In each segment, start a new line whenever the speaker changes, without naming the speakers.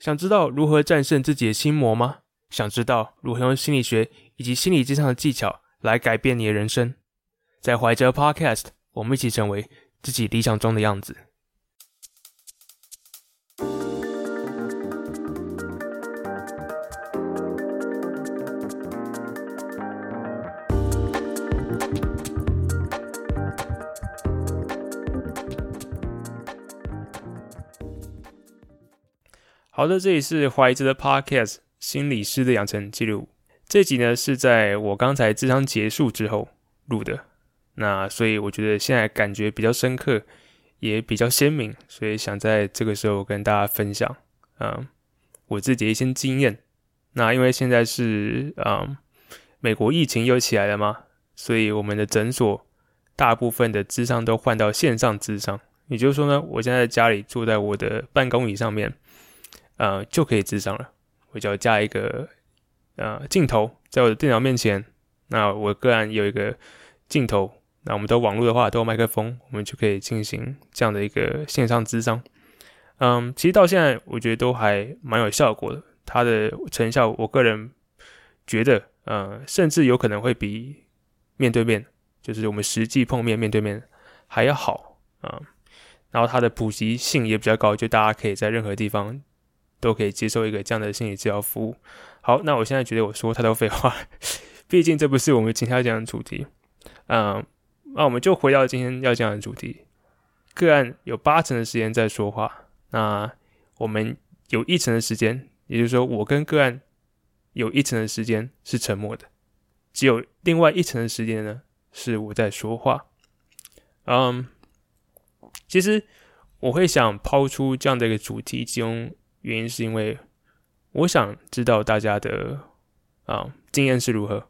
想知道如何戰勝自己的心魔嗎？想知道如何用心理學以及心理諮商的技巧來改變你的人生？在懷哲 Podcast，我們一起成為自己理想中的樣子。好的，這裡是懷哲的 podcast 心理師的養成記錄。這集呢是在我剛才諮商結束之後錄的，那所以我覺得現在感覺比較深刻，也比較鮮明，所以想在這個時候跟大家分享，嗯，我自己一些經驗。那因為現在是嗯，美國疫情又起來了嘛，所以我們的診所大部分的諮商都換到線上諮商，也就是說呢，我現在，在家裡坐在我的辦公椅上面。呃，就可以諮商了。我只要加一個呃鏡頭，在我的電腦面前。那我個案有一個鏡頭。那我們的網絡的話都有麥克風，我們就可以進行這樣的一個線上諮商。嗯，其實到現在我覺得都還蠻有效果的。它的成效，我個人覺得，呃，甚至有可能會比面對面，就是我們實際碰面面對面還要好啊、嗯。然後它的普及性也比較高，就大家可以在任何地方。都可以接受一個這樣的心理治療服務。好，那我現在覺得我說太多廢話了，畢竟這不是我們今天要講的主題。嗯，那我們就回到今天要講的主題。個案有八成的時間在說話，那我們有一成的時間，也就是說，我跟個案有一成的時間是沉默的，只有另外一成的時間呢，是我在說話。嗯，其實我會想拋出這樣的一個主題，其中。原因是因為我想知道大家的啊經驗是如何。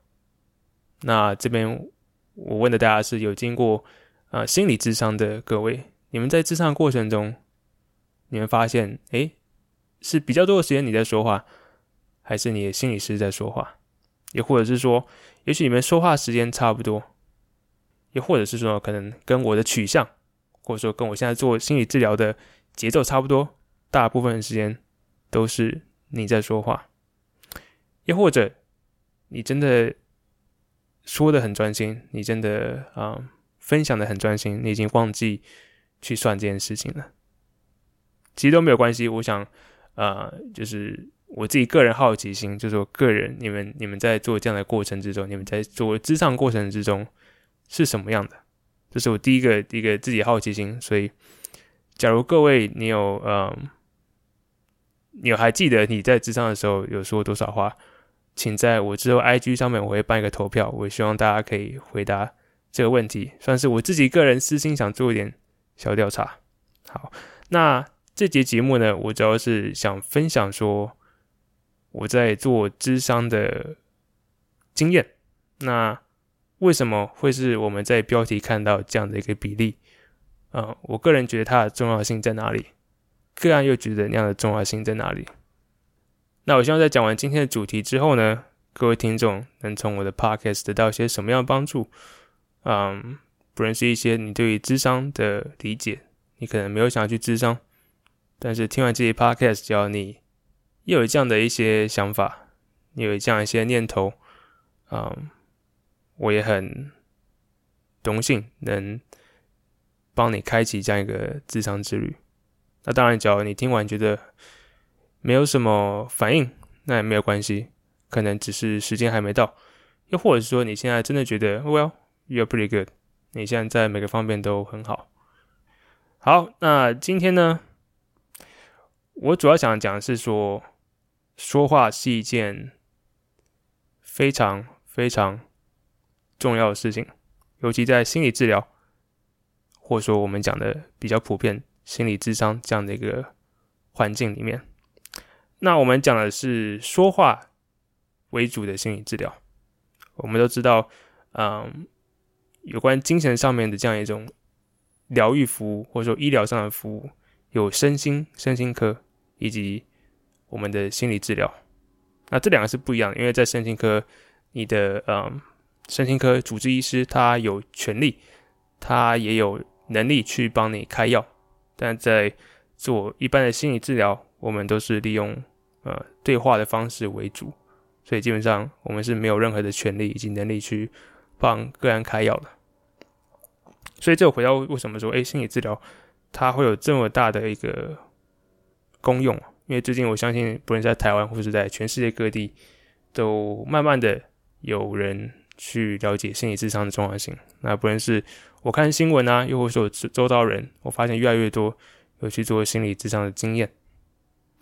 那這邊我問的大家是有經過啊心理智商的各位，你們在智商過程中，你們發現誒、欸，是比較多的時間你在說話，還是你的心理師在說話？也或者是說，也許你們說話時間差不多，也或者是說可能跟我的取向，或者說跟我現在做心理治療的節奏差不多。大部分的時間都是你在說話，又或者你真的說得很專心，你真的啊、呃、分享得很專心，你已經忘記去算這件事情了。其實都沒有關係。我想啊、呃，就是我自己個人好奇心，就是我個人，你們你們在做這樣的過程之中，你們在做職場過程之中是什麼樣的？這是我第一個第一個自己的好奇心。所以，假如各位你有嗯。呃你還記得你在諮商的時候有說多少話？請在我之後 IG 上面，我會辦一個投票，我希望大家可以回答這個問題，算是我自己個人私心想做一點小調查。好，那這集節目呢，我主要是想分享說我在做諮商的經驗。那為什麼會是我們在標題看到這樣的一個比例？嗯，我個人覺得它的重要性在哪裡？個案又覺得那樣的重要性在哪裡？那我希望在講完今天的主題之後呢，各位聽眾能從我的 podcast 得到一些什麼樣的幫助？嗯，不論是一些你對於諮商的理解，你可能沒有想要去諮商，但是聽完這些 podcast，只要你又有這樣的一些想法，你有這樣的一些念頭，嗯，我也很榮幸能幫你開啟這樣一個諮商之旅。那當然，只要你聽完覺得沒有什麼反應，那也沒有關係，可能只是時間還沒到，又或者是說你現在真的覺得，Well, you're pretty good，你現在在每個方面都很好。好，那今天呢，我主要想講的是說，說話是一件非常非常重要的事情，尤其在心理治療，或者說我們講的比較普遍，心理諮商這樣的一個環境裡面，那我們講的是說話為主的心理治療。我們都知道，嗯，有關精神上面的這樣一種療癒服務，或者說醫療上的服務，有身心、身心科以及我們的心理治療。那這兩個是不一樣的，因為在身心科，你的嗯，身心科主治醫師他有權利，他也有能力去幫你開藥。但在做一般的心理治療，我們都是利用呃對話的方式為主，所以基本上我們是沒有任何的權利以及能力去幫個案開藥的。所以這回到為什麼說，哎、欸，心理治療它會有這麼大的一個功用？因為最近我相信，不論在台灣或是在全世界各地，都慢慢的有人。去了解心理諮商的重要性。那不論是我看新聞啊，又或是我周遭人，我發現越來越多有去做心理諮商的經驗。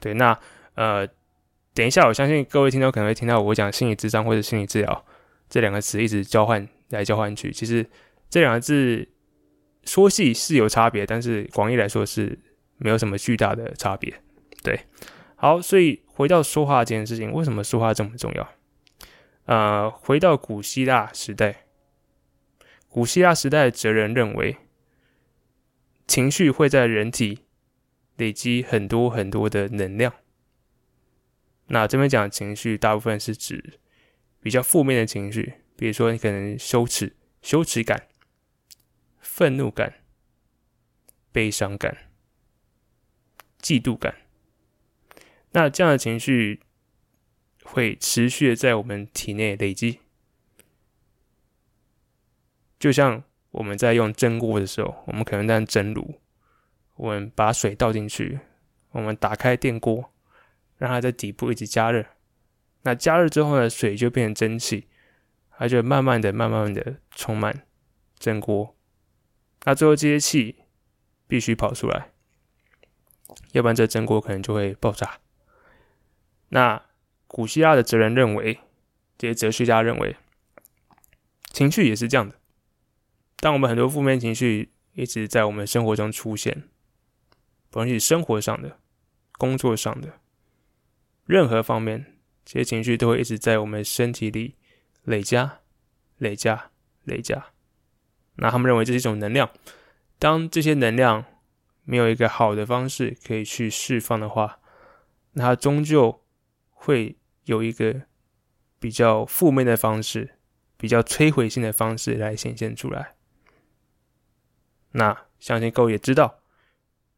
對，那呃，等一下，我相信各位聽眾可能會聽到我講心理諮商或者心理治療這兩個詞一直交換來交換去。其實這兩個字說細是有差別，但是廣義來說是沒有什麼巨大的差別。對，好，所以回到說話這件事情，為什麼說話這麼重要？呃，回到古希臘時代，古希臘時代的哲人認為，情緒會在人體累積很多很多的能量。那這邊講的情緒，大部分是指比較負面的情緒，比如說你可能羞恥、羞恥感、憤怒感、悲傷感、嫉妒感，那這樣的情緒，會持續的在我們體內累積，就像我們在用蒸鍋的時候，我們可能在蒸爐，我們把水倒進去，我們打開電鍋，讓它在底部一直加熱，那加熱之後呢，水就變成蒸汽，它就慢慢的、慢慢的充滿蒸鍋，那最後這些氣必須跑出來，要不然這蒸鍋可能就會爆炸。那古希臘的哲人認為，這些哲學家認為，情緒也是這樣的。但我們很多負面情緒一直在我們生活中出現，不論是生活上的、工作上的，任何方面，這些情緒都會一直在我們身體裡累加、累加、累加。那他們認為這是一種能量，當這些能量沒有一個好的方式可以去釋放的話，那它終究會。有一個比較負面的方式，比較摧毀性的方式來顯現出來。那相信各位也知道，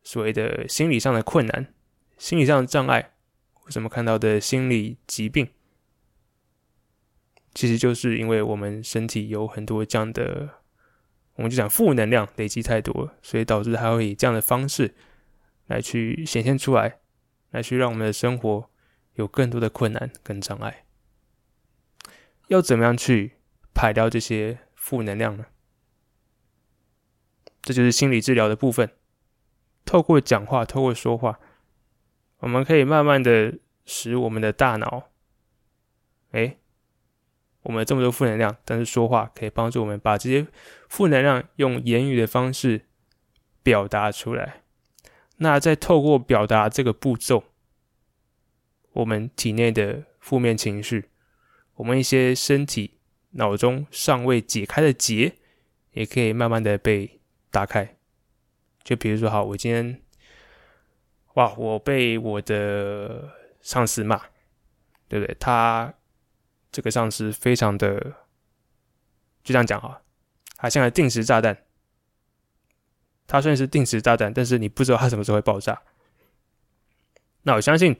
所謂的心理上的困難、心理上的障礙，或者我們看到的心理疾病，其實就是因為我們身體有很多這樣的，我們就講負能量累積太多了，所以導致它會以這樣的方式來去顯現出來，來去讓我們的生活。有更多的困難跟障礙，要怎麼樣去排掉這些負能量呢？這就是心理治療的部分。透過講話，透過說話，我們可以慢慢的使我們的大腦，哎、欸，我們有這麼多負能量，但是說話可以幫助我們把這些負能量用言語的方式表達出來。那再透過表達這個步驟。我們體內的負面情緒，我們一些身體、腦中尚未解開的結，也可以慢慢的被打開。就比如說，好，我今天，哇，我被我的上司罵，對不對？他這個上司非常的，就這樣講哈、哦，他現在定時炸彈。他雖然是定時炸彈，但是你不知道他什麼時候會爆炸。那我相信。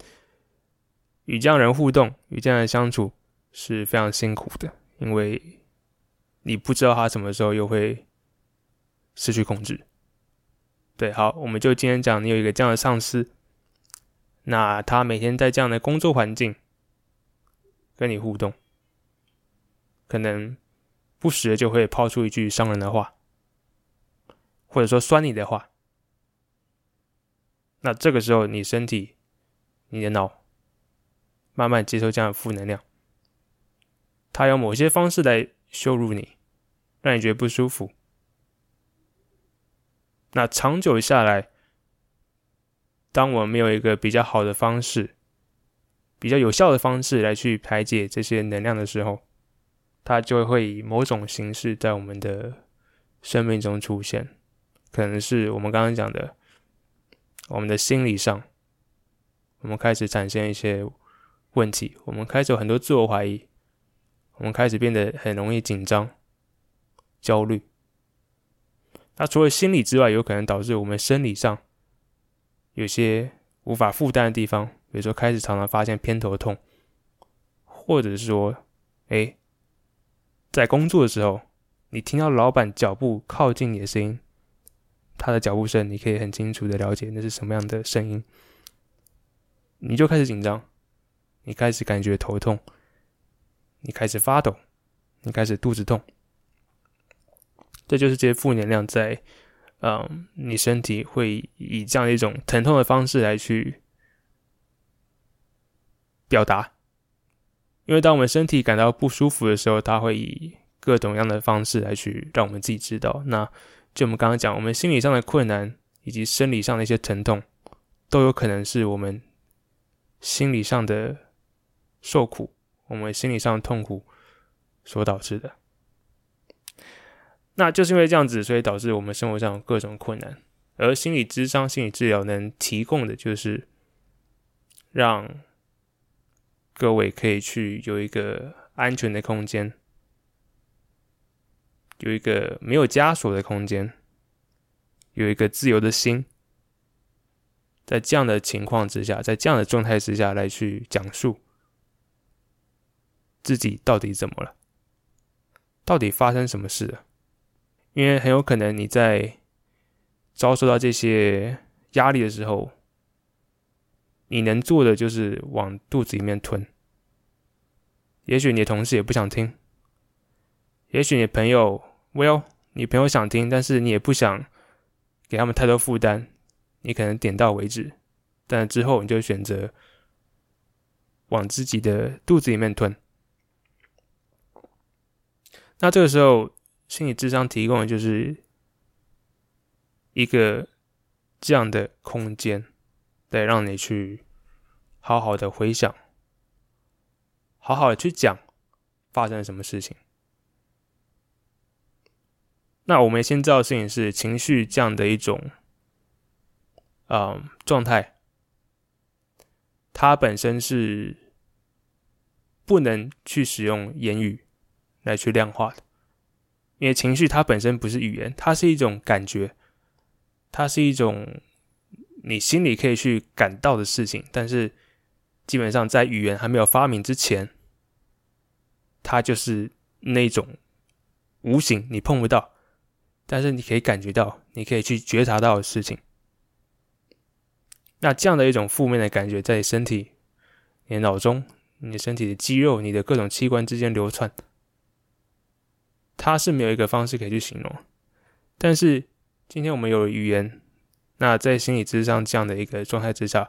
與這樣人互動，與這樣的人相處是非常辛苦的，因為你不知道他什麼時候又會失去控制。對，好，我們就今天講，你有一個這樣的上司，那他每天在這樣的工作環境跟你互動，可能不時的就會拋出一句傷人的話，或者說酸你的話，那這個時候你身體，你的腦。慢慢接受這樣的負能量，他用某些方式來羞辱你，讓你覺得不舒服。那長久下來，當我們沒有一個比較好的方式、比較有效的方式來去排解這些能量的時候，它就會以某種形式在我們的生命中出現，可能是我們剛剛講的，我們的心理上，我們開始產生一些。問題，我們開始有很多自我懷疑，我們開始變得很容易緊張、焦慮。那除了心理之外，有可能導致我們生理上有些無法負擔的地方，比如說開始常常發現偏頭痛，或者是說，哎，在工作的時候，你聽到老板腳步靠近你的聲音，他的腳步聲，你可以很清楚的了解那是什麼樣的聲音，你就開始緊張。你開始感覺頭痛，你開始發抖，你開始肚子痛，這就是這些負能量在，嗯，你身體會以這樣的一種疼痛的方式來去表達。因為當我們身體感到不舒服的時候，它會以各種各樣的方式來去讓我們自己知道。那就我們剛剛講，我們心理上的困難以及生理上的一些疼痛，都有可能是我們心理上的。受苦，我們心理上痛苦所導致的，那就是因為這樣子，所以導致我們生活上有各種困難。而心理諮商、心理治療能提供的，就是讓各位可以去有一個安全的空間，有一個沒有枷鎖的空間，有一個自由的心。在這樣的情況之下，在這樣的狀態之下來去講述，自己到底怎麼了？到底發生什麼事啊？了？因為很有可能你在遭受到這些壓力的時候，你能做的就是往肚子裡面吞。也許你的同事也不想聽，也許你的朋友，Well，你朋友想聽，但是你也不想給他們太多負擔，你可能點到為止，但之後你就選擇往自己的肚子裡面吞。那這個時候，心理諮商提供的就是一個這樣的空間，對，讓你去好好的回想，好好的去講發生了什麼事情。那我們先知道的事情是情緒這樣的一種啊狀態，它本身是不能去使用言語。來去量化的，因為情緒它本身不是語言，它是一種感覺，它是一種你心裡可以去感到的事情。但是，基本上在語言還沒有發明之前，它就是那種無形，你碰不到，但是你可以感覺到，你可以去覺察到的事情。那這樣的一種負面的感覺，在身體、你的腦中、你的身體的肌肉、你的各種器官之間流竄。它是沒有一個方式可以去形容，但是今天我們有了語言，那在心理之上這樣的一個狀態之下，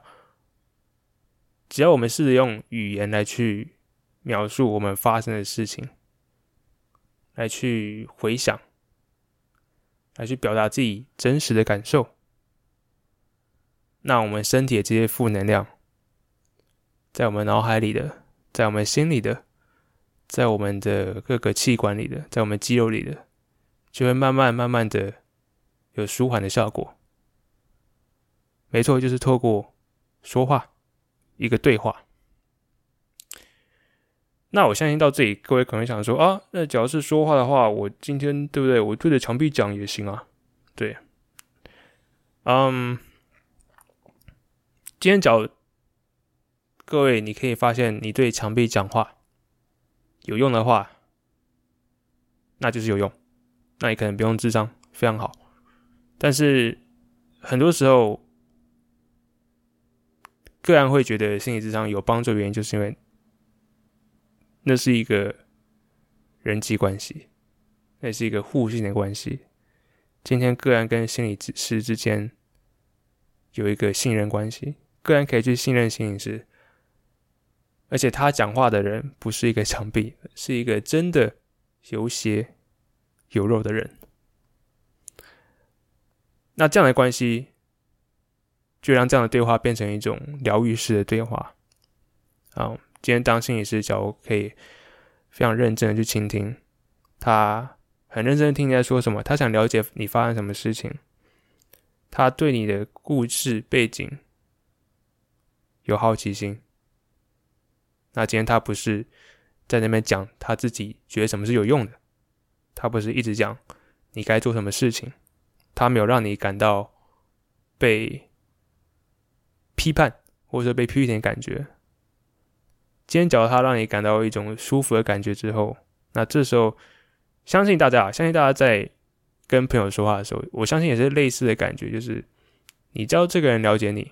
只要我們試着用語言來去描述我們發生的事情，來去回想，來去表達自己真實的感受，那我們身體的這些負能量，在我們腦海裡的，在我們心裡的。在我們的各個器官裡的，在我們肌肉裡的，就會慢慢慢慢的有舒緩的效果。沒錯，就是透過說話一個對話。那我相信到這裡，各位可能想說啊，那假如是說話的話，我今天對不對？我對着牆壁講也行啊。對，嗯，今天假如各位，你可以發現你對牆壁講話。有用的話，那就是有用，那你可能不用諮商，非常好。但是很多時候，個案會覺得心理諮商有幫助的原因，就是因為那是一個人際關係，那是一個互信的關係。今天個案跟心理師之間有一個信任關係，個案可以去信任心理師。而且他講話的人不是一個牆壁，是一個真的有血有肉的人。那這樣的關係，就讓這樣的對話變成一種療癒式的對話。好、哦，今天當心理師小吳可以非常認真的去傾聽，他很認真聽你在說什麼，他想了解你發生什麼事情，他對你的故事背景有好奇心。那今天他不是在那邊講他自己覺得什麼是有用的，他不是一直講你該做什麼事情，他沒有讓你感到被批判或者被批評的感覺。今天假如他讓你感到一種舒服的感覺之後，那這時候，相信大家，相信大家在跟朋友說話的時候，我相信也是類似的感覺，就是你知道這個人了解你，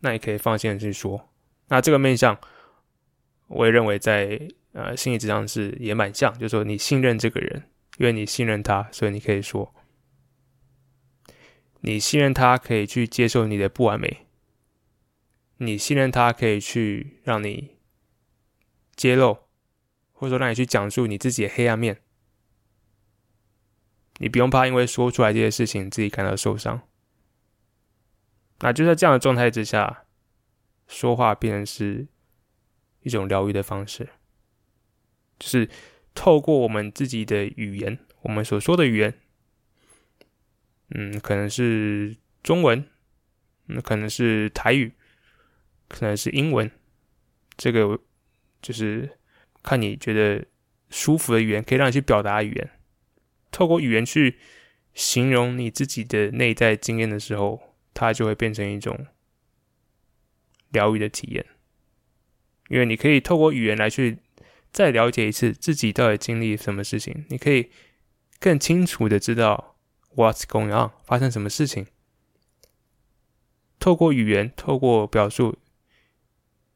那你可以放心的去說，那這個面向。我也認為，在呃心理治療上是也蠻像，就是、說你信任這個人，因為你信任他，所以你可以說，你信任他可以去接受你的不完美，你信任他可以去讓你揭露，或者說讓你去講述你自己的黑暗面，你不用怕，因為說出來這些事情自己感到受傷。那就在這樣的狀態之下，說話變成是。一種療癒的方式，就是透過我們自己的語言，我們所說的語言，嗯，可能是中文，那、嗯、可能是台語，可能是英文，這個就是看你覺得舒服的語言，可以讓你去表達語言，透過語言去形容你自己的內在經驗的時候，它就會變成一種療癒的體驗。因為你可以透過語言來去再了解一次自己到底經歷什麼事情，你可以更清楚的知道 what's going on，發生什麼事情。透過語言，透過表述，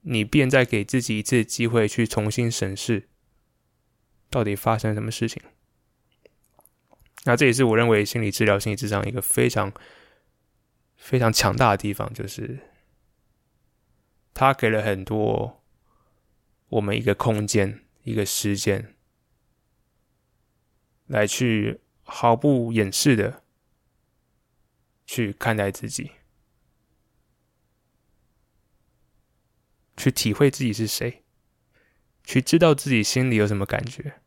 你便再給自己一次機會去重新審視到底發生什麼事情。那這也是我認為心理治療、心理諮商，一個非常非常強大的地方，就是他給了很多。我們一個空間，一個時間，來去毫不掩飾的去看待自己，去體會自己是誰，去知道自己心裡有什麼感覺。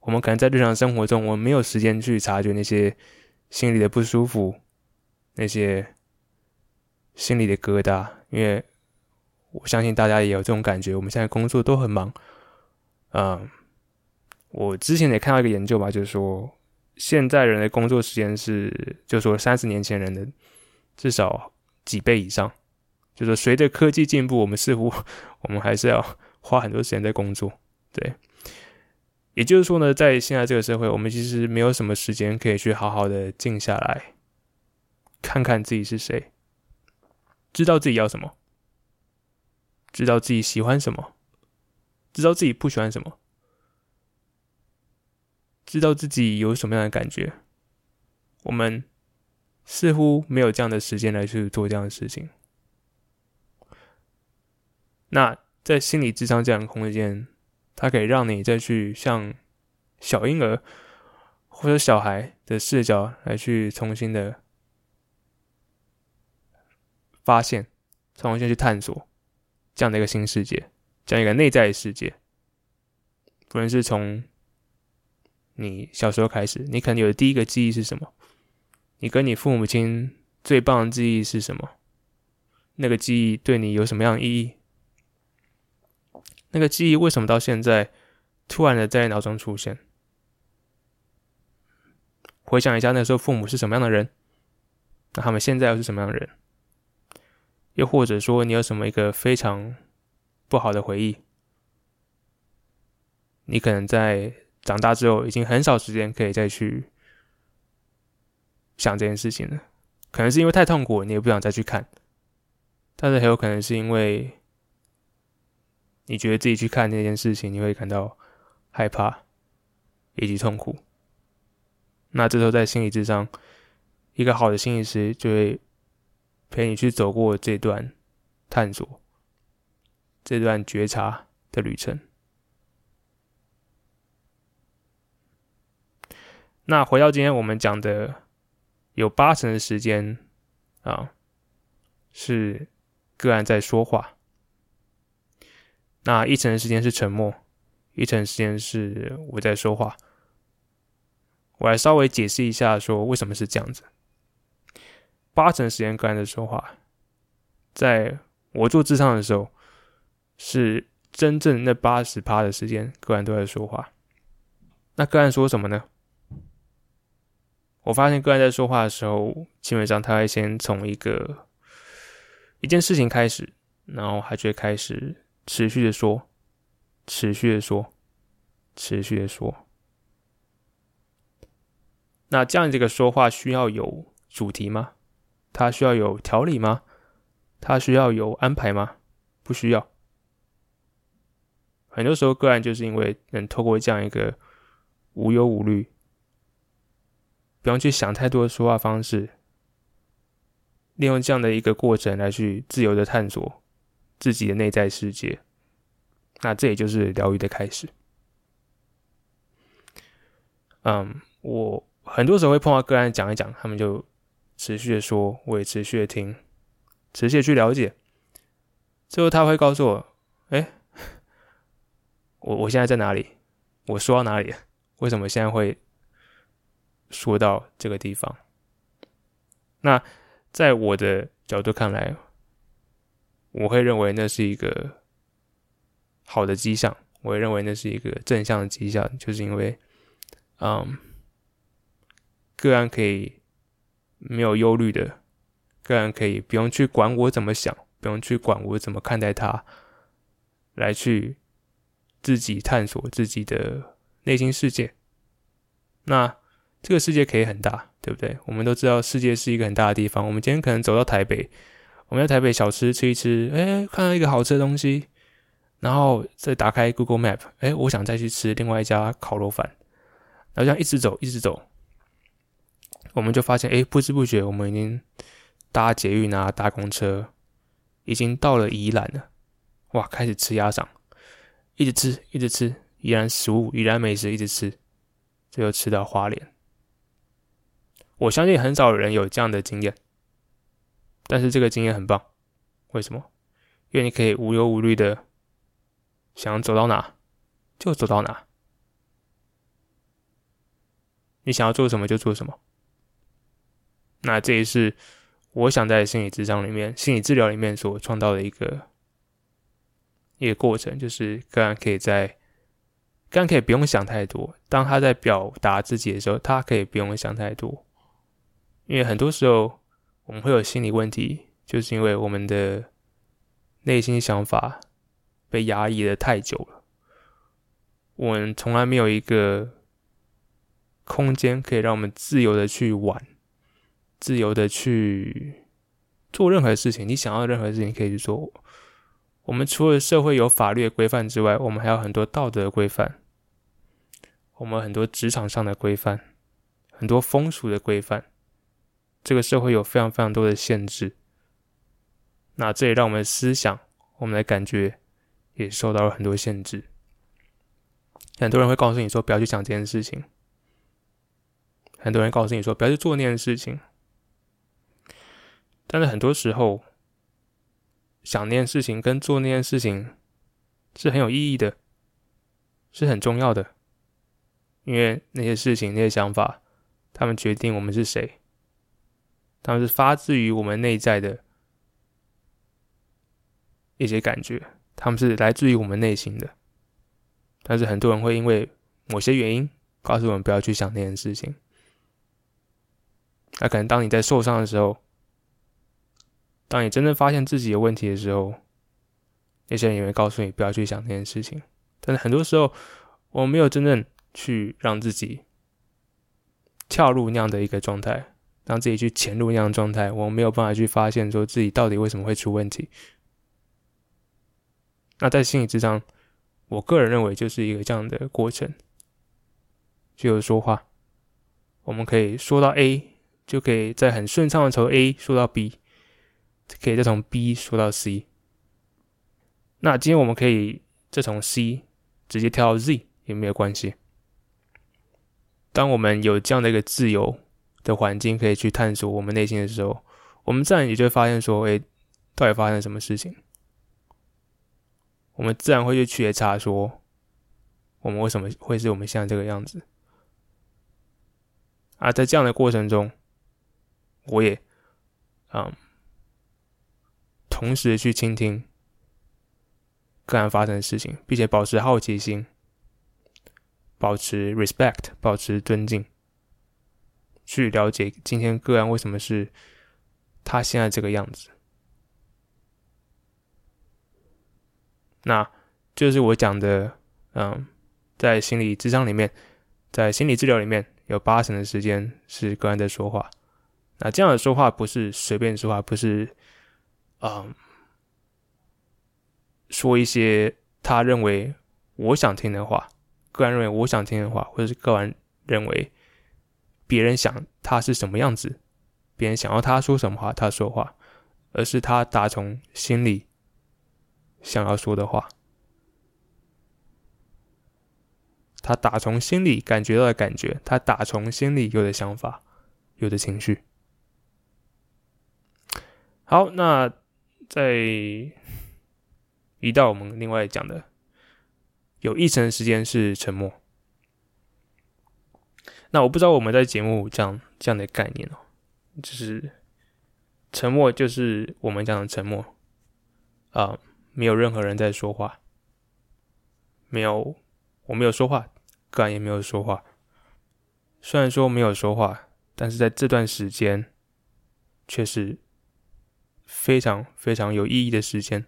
我們可能在日常生活中，我們沒有時間去察覺那些心裡的不舒服，那些心裡的疙瘩，因為。我相信大家也有這種感覺。我們現在工作都很忙，嗯，我之前也看到一個研究吧，就是說現在人的工作時間是，就說三十年前人的至少幾倍以上。就是隨着科技進步，我們似乎我們還是要花很多時間在工作。對，也就是說呢，在現在這個社會，我們其實沒有什麼時間可以去好好的靜下來，看看自己是誰，知道自己要什麼。知道自己喜歡什麼，知道自己不喜歡什麼，知道自己有什麼樣的感覺，我們似乎沒有這樣的時間來去做這樣的事情。那在心理諮商這樣的空間，它可以讓你再去像小嬰兒或者小孩的視角來去重新的發現，重新去探索。這樣的一個新世界，這樣一個內在的世界，不論是從你小時候開始，你可能有的第一個記憶是什麼？你跟你父母親最棒的記憶是什麼？那個記憶對你有什麼樣的意義？那個記憶為什麼到現在突然的在腦中出現？回想一下那時候父母是什麼樣的人，那他們現在又是什麼樣的人？又或者說，你有什麼一個非常不好的回憶？你可能在長大之後，已經很少時間可以再去想這件事情了。可能是因為太痛苦了，你也不想再去看。但是很有可能是因為你覺得自己去看那件事情，你會感到害怕以及痛苦。那這時候，在心理智商，一個好的心理師就會。陪你去走過這段探索、這段覺察的旅程。那回到今天我們講的，有八成的時間啊，是個案在說話，那一成的時間是沉默，一成的時間是我在說話。我來稍微解釋一下，說為什麼是這樣子。八成時間個案在說話，在我做諮商的時候，是真正那八十趴的時間，個案都在說話。那個案說什麼呢？我發現個案在說話的時候，基本上他會先從一個一件事情開始，然後他就會開始持續的說，持續的說，持續的說。那這樣這個說話需要有主題嗎？他需要有條理嗎？他需要有安排嗎？不需要。很多時候個案就是因為能透過這樣一個無憂無慮、不用去想太多的說話方式，利用這樣的一個過程來去自由的探索自己的內在世界，那這也就是療癒的開始。嗯，我很多時候會碰到個案講一講，他們就。持續的說，我也持續的聽，持續的去了解，最後他會告訴我：“哎，我我現在在哪裡？我說到哪裡？為什麼現在會說到這個地方？”那在我的角度看來，我會認為那是一個好的跡象，我會認為那是一個正向的跡象，就是因為，嗯，個案可以。沒有憂慮的，個人可以不用去管我怎麼想，不用去管我怎麼看待他，來去自己探索自己的內心世界。那這個世界可以很大，對不對？我們都知道世界是一個很大的地方。我們今天可能走到台北，我們在台北小吃吃一吃，哎，看到一個好吃的東西，然後再打開 Google Map，哎，我想再去吃另外一家烤肉飯，然後這樣一直走，一直走。我們就發現，哎，不知不覺我們已經搭捷運啊，搭公車，已經到了宜蘭了。哇，開始吃鴨掌，一直吃，一直吃，宜蘭食物，宜蘭美食，一直吃，最後吃到花蓮。我相信很少人有這樣的經驗，但是這個經驗很棒。為什麼？因為你可以無憂無慮的，想走到哪就走到哪，你想要做什麼就做什麼。那這也是我想在心理諮商裡面、心理治療裡面所創造的一個一個過程，就是個案可以在，個案可以不用想太多。當他在表達自己的時候，他可以不用想太多，因為很多時候我們會有心理問題，就是因為我們的內心想法被壓抑的太久了，我們從來沒有一個空間可以讓我們自由的去玩。自由的去做任何事情，你想要任何事情可以去做。我們除了社會有法律的規範之外，我們還有很多道德的規範，我們很多職場上的規範，很多風俗的規範。這個社會有非常非常多的限制，那這也讓我們的思想、我們的感覺也受到了很多限制。很多人會告訴你說不要去想這件事情，很多人告訴你說不要去做那件事情。但是很多時候，想那件事情跟做那件事情是很有意義的，是很重要的，因為那些事情、那些想法，他們決定我們是誰，他們是發自於我們內在的一些感覺，他們是來自於我們內心的。但是很多人會因為某些原因告訴我們不要去想那件事情，那可能當你在受傷的時候。當你真正發現自己有問題的時候，那些人也會告訴你不要去想這件事情。但是很多時候，我們沒有真正去讓自己跳入那樣的一個狀態，讓自己去潛入那樣的狀態，我們沒有辦法去發現說自己到底為什麼會出問題。那在心理治療，我個人認為就是一個這樣的過程，就是說話，我們可以說到 A，就可以在很順暢的從 A 說到 B。可以再從 B 說到 C，那今天我們可以再從 C 直接跳到 Z 也沒有關係。當我們有這樣的一個自由的環境，可以去探索我們內心的時候，我們自然也就會發現說，誒，到底發生了什麼事情？我們自然會去覺察說，我們為什麼會是我們現在這個樣子？啊，在這樣的過程中，我也，啊、嗯。同時去傾聽個案發生的事情，並且保持好奇心，保持 respect，保持尊敬，去了解今天個案為什麼是他現在這個樣子。那就是我講的，嗯，在心理諮商裡面，在心理治療裡面，有八成的時間是個案在說話。那這樣的說話不是隨便說話，不是。啊，um, 說一些他認為我想聽的話，個人認為我想聽的話，或者是個人認為別人想他是什麼樣子，別人想要他說什麼話，他說話，而是他打從心裡想要說的話，他打從心裡感覺到的感覺，他打從心裡有的想法，有的情緒。好，那。在一到我們另外講的有一成時間是沉默。那我不知道我們在節目講這，這樣的概念哦、喔，就是沉默，就是我們講的沉默啊、呃，沒有任何人在說話，沒有我沒有說話，個案也沒有說話。雖然說沒有說話，但是在這段時間卻是。非常非常有意義的時間，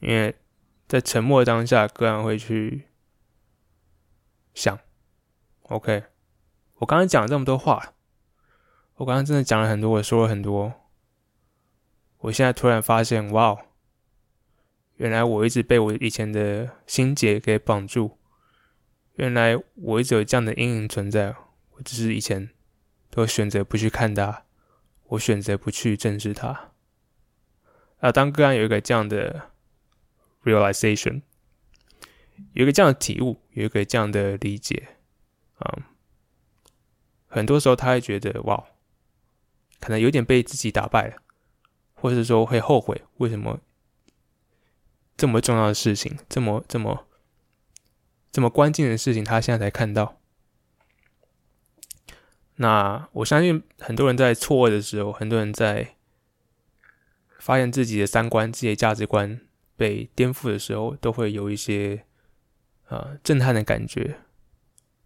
因為在沉默的當下，個人會去想。OK，我剛才講了這麼多話，我剛剛真的講了很多，我說了很多。我現在突然發現，哇哦，原來我一直被我以前的心結給綁住，原來我一直有這樣的陰影存在，我只是以前都選擇不去看它。我選擇不去正視它。啊，當個案有一個這樣的 realization，有一個這樣的體悟，有一個這樣的理解，啊、嗯，很多時候他會覺得哇，可能有點被自己打敗了，或是說會後悔，為什麼這麼重要的事情，這麼這麼這麼關鍵的事情，他現在才看到。那我相信很多人在錯愕的時候，很多人在發現自己的三觀、自己的價值觀被顛覆的時候，都會有一些呃震撼的感覺，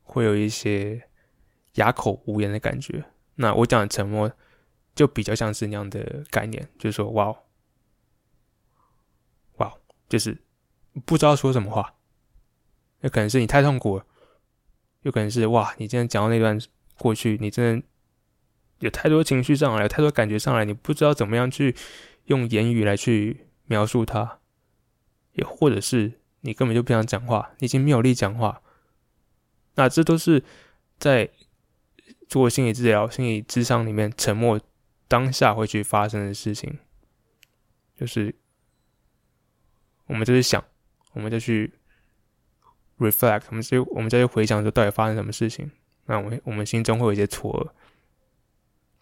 會有一些啞口無言的感覺。那我講的沉默，就比較像是那樣的概念，就是說，哇、哦，哇、哦，就是不知道說什麼話。那可能是你太痛苦了，有可能是哇，你今天講到那段。過去你真的有太多情緒上來，有太多感覺上來，你不知道怎麼樣去用言語來去描述它，也或者是你根本就不想講話，你已經沒有力講話，那這都是在做心理治療、心理諮商裡面沉默當下會去發生的事情，就是我們就去想，我們再去 reflect，我們就，我們再去回想說到底發生什麼事情。那我們我們心中會有一些錯愕，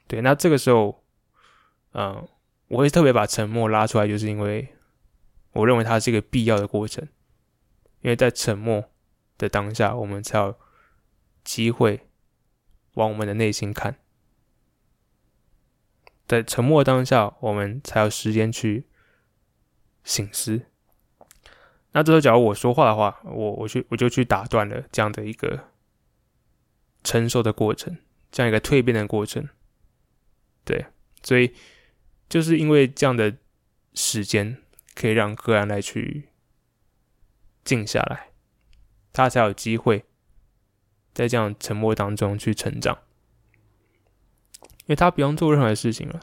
對，那這個時候，嗯，我會特別把沉默拉出來，就是因為我認為它是一個必要的過程，因為在沉默的當下，我們才有機會往我們的內心看，在沉默當下，我們才有時間去省思。那這時候，假如我說話的話，我我去我就去打斷了這樣的一個。承受的過程，這樣一個蛻變的過程，對，所以就是因為這樣的時間可以讓個案來去靜下來，他才有機會在這樣沉默當中去成長，因為他不用做任何事情了，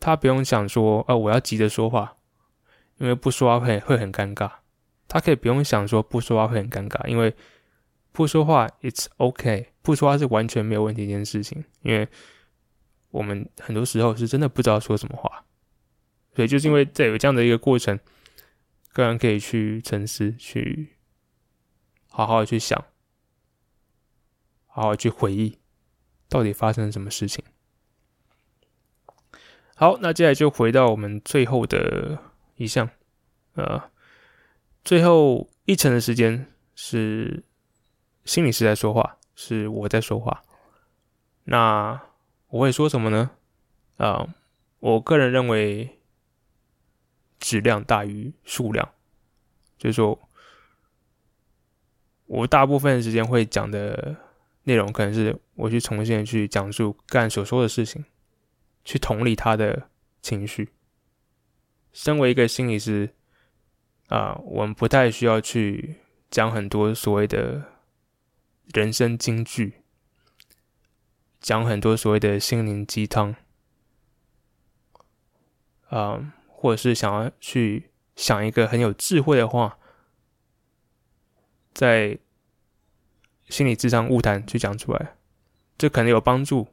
他不用想說，呃，我要急着說話，因為不說話會會很尷尬，他可以不用想說不說話會很尷尬，因為。不說話，It's okay。不說話是完全沒有問題一件事情，因為我們很多時候是真的不知道說什麼話，所以就是因為在有這樣的一個過程，個人可以去沉思，去好好的去想，好好的去回憶，到底發生了什麼事情。好，那接下來就回到我們最後的一項，呃，最後一成的時間是。心理師在說話，是我在說話。那我會說什麼呢？啊、呃，我個人認為，質量大於數量。就是說，我大部分時間會講的內容，可能是我去重現、去講述干所說的事情，去同理他的情緒。身為一個心理師，啊、呃，我們不太需要去講很多所謂的。人生金句，講很多所謂的心靈雞湯，啊、嗯，或者是想要去想一個很有智慧的話，在心理諮商晤談去講出來，這可能有幫助，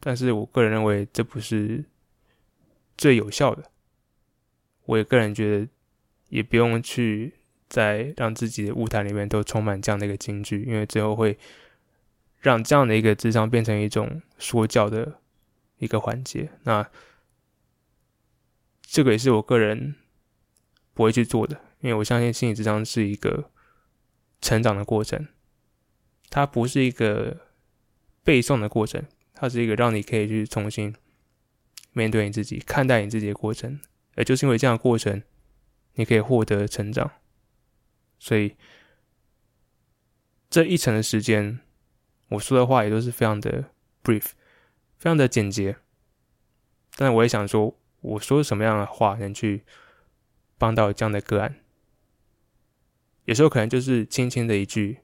但是我個人認為這不是最有效的，我也個人覺得也不用去。在讓自己的舞台裡面都充滿這樣的一個金句，因為最後會讓這樣的一個諮商變成一種說教的一個環節。那這個也是我個人不會去做的，因為我相信心理諮商是一個成長的過程，它不是一個背誦的過程，它是一個讓你可以去重新面對你自己、看待你自己的過程。而就是因為這樣的過程，你可以獲得成長。所以這一成的時間，我說的話也都是非常的 brief，非常的簡潔。但我也想說，我說什麼樣的話能去幫到這樣的個案？有時候可能就是輕輕的一句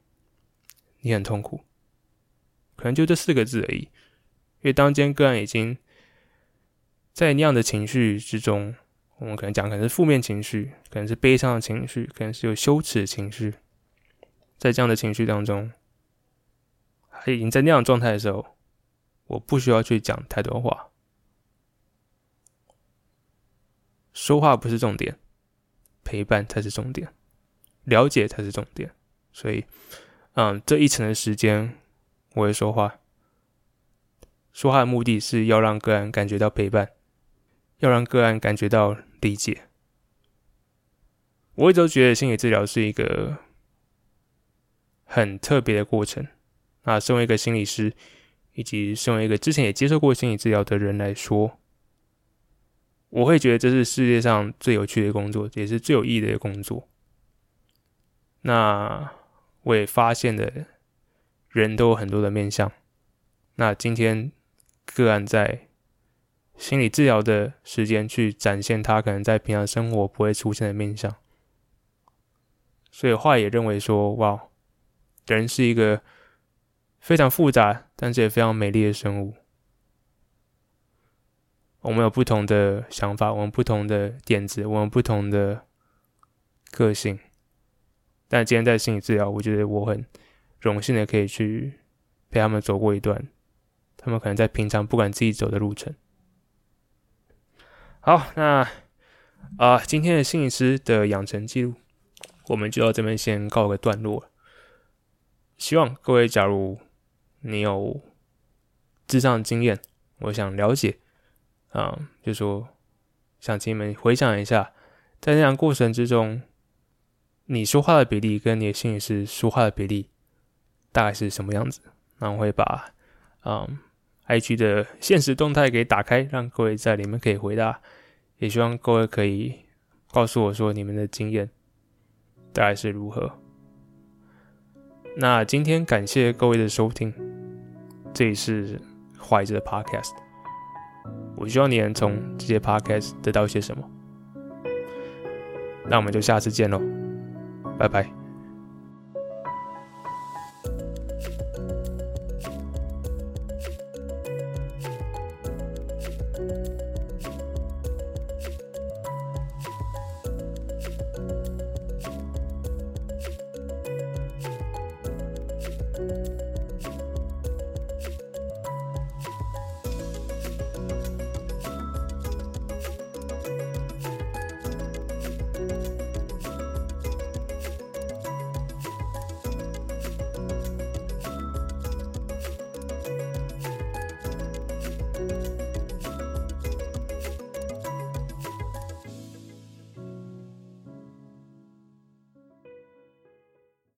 “你很痛苦”，可能就這四個字而已。因為當間個案已經在那樣的情緒之中。我們可能講，可能是負面情緒，可能是悲傷的情緒，可能是有羞恥的情緒，在這樣的情緒當中，他已經在那樣狀態的時候，我不需要去講太多話，說話不是重點，陪伴才是重點，了解才是重點，所以，嗯，這一成的時間，我會說話，說話的目的是要讓個人感覺到陪伴。要讓個案感覺到理解，我一直都覺得心理治療是一個很特別的過程。那身為一個心理師，以及身為一個之前也接受過心理治療的人來說，我會覺得這是世界上最有趣的工作，也是最有意義的工作。那我也發現的人都有很多的面向。那今天個案在。心理治療的時間去展現他可能在平常生活不會出現的面向。所以話也認為說：“哇，人是一個非常複雜，但是也非常美麗的生物。我們有不同的想法，我們不同的點子，我們不同的個性。但今天在心理治療，我覺得我很榮幸的可以去陪他們走過一段，他們可能在平常不敢自己走的路程。”好，那啊、呃，今天的心理師的養成記錄，我們就到這邊先告一個段落了。希望各位，假如你有諮商經驗，我想了解啊、嗯，就說想請你們回想一下，在這樣過程之中，你說話的比例跟你的心理師說話的比例大概是什麼樣子？那我會把啊、嗯、IG 的限時動態給打開，讓各位在裡面可以回答。也希望各位可以告訴我說你們的經驗大概是如何。那今天感謝各位的收聽，這裡是懷哲的 Podcast。我希望你能從這些 Podcast 得到一些什麼。那我們就下次見嘍，拜拜。